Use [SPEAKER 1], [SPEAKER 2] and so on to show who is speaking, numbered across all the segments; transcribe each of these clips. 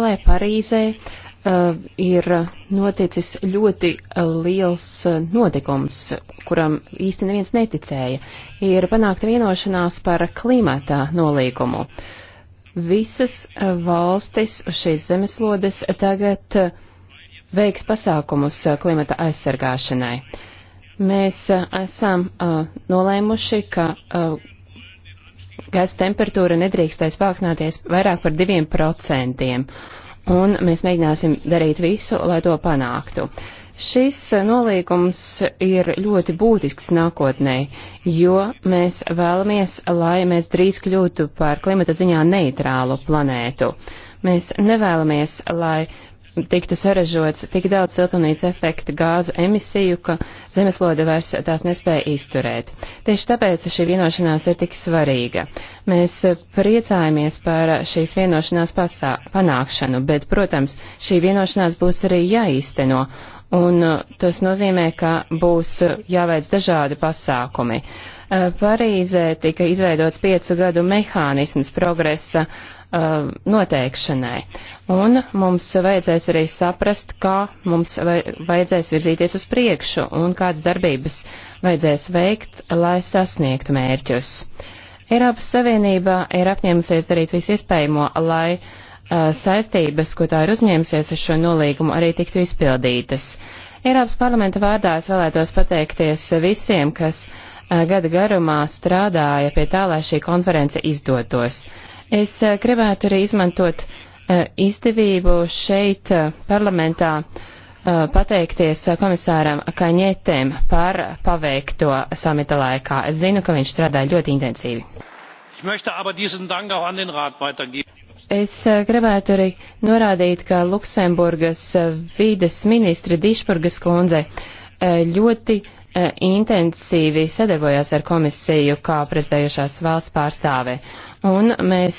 [SPEAKER 1] Lai Parīzē uh, ir noticis ļoti liels eh, notikums, kuram īsti neviens neticēja. Ir panākta vienošanās par klimata nolīgumu. Visas eh, valstis uz šīs zemeslodes tagad veiks pasākumus klimata aizsargāšanai. Mēs esam uh, nolēmuši, ka uh, gaisa temperatūra nedrīkstēs pāksnāties vairāk par diviem procentiem, un mēs mēģināsim darīt visu, lai to panāktu. Šis nolīgums ir ļoti būtisks nākotnē, jo mēs vēlamies, lai mēs drīz kļūtu par klimata ziņā neitrālu planētu. Mēs nevēlamies, lai tiktu saražots tik daudz siltumnīca efekta gāzu emisiju, ka zemeslode vairs tās nespēja izturēt. Tieši tāpēc šī vienošanās ir tik svarīga. Mēs priecājamies par šīs vienošanās pasā, panākšanu, bet, protams, šī vienošanās būs arī jāīsteno, Un uh, tas nozīmē, ka būs uh, jāveic dažādi pasākumi. Uh, Parīzē tika izveidots piecu gadu mehānisms progresa noteikšanai. Un mums vajadzēs arī saprast, kā mums vajadzēs virzīties uz priekšu un kādas darbības vajadzēs veikt, lai sasniegtu mērķus. Eiropas Savienība ir apņēmusies darīt visu iespējamo, lai uh, Eh, saistības, ko tā ir uzņēmusies ar šo nolīgumu, arī tiktu izpildītas. Eiropas parlamenta vārdā es vēlētos pateikties visiem, kas eh, gada garumā strādāja pie tā, lai šī konference izdotos. Es eh, gribētu arī izmantot izdevību šeit parlamentā pateikties komisāram Kaņetēm par paveikto samita laikā. Es zinu, ka viņš strādāja ļoti intensīvi. Ich möchte aber diesen Dank auch an den Rat weitergeben. Es eh, gribētu arī norādīt, ka Luksemburgas eh, vīdes ministri Dišburgas kundze eh, ļoti intensīvi sadarbojās ar komisiju kā prezidējušās valsts pārstāve. Un mēs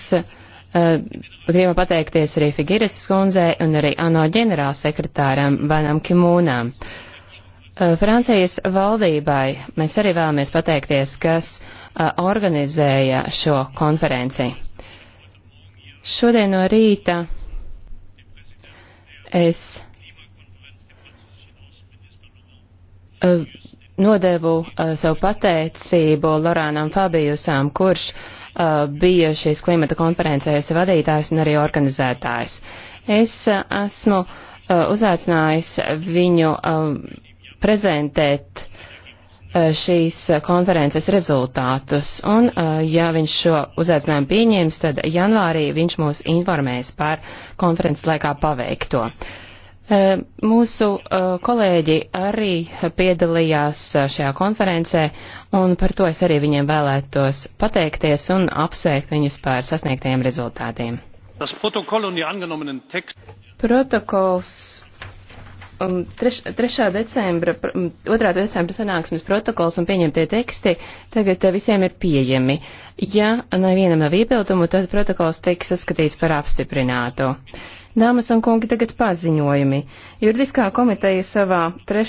[SPEAKER 1] gribam pateikties arī Figires skundzei un arī ANO ģenerālsekretāram Vanam Kimūnam. Francijas valdībai mēs arī vēlamies pateikties, kas organizēja šo konferenciju. Šodien no rīta es uh, nodevu uh, savu pateicību Lorānam Fabijusām, kurš uh, bija šīs klimata konferencēs vadītājs un arī organizētājs. Es esmu uzaicinājusi viņu prezentēt E, šīs konferences rezultātus, un e, ja viņš šo uzaicinājumu pieņems, tad janvārī viņš mūs informēs par konferences laikā paveikto. E, mūsu kolēģi arī piedalījās šajā konferencē, un par to es arī viņiem vēlētos pateikties un apsveikt viņus par sasniegtajiem rezultātiem. Protokols Treš, 3. decembra, 2. decembra sanāksmes protokols un pieņemtie teksti tagad eh, visiem ir pieejami. Ja nevienam nav iebildumu, tad protokols tiks saskatīts par apstiprinātu. Dāmas un kungi, tagad paziņojumi. Juridiskā komiteja savā 3.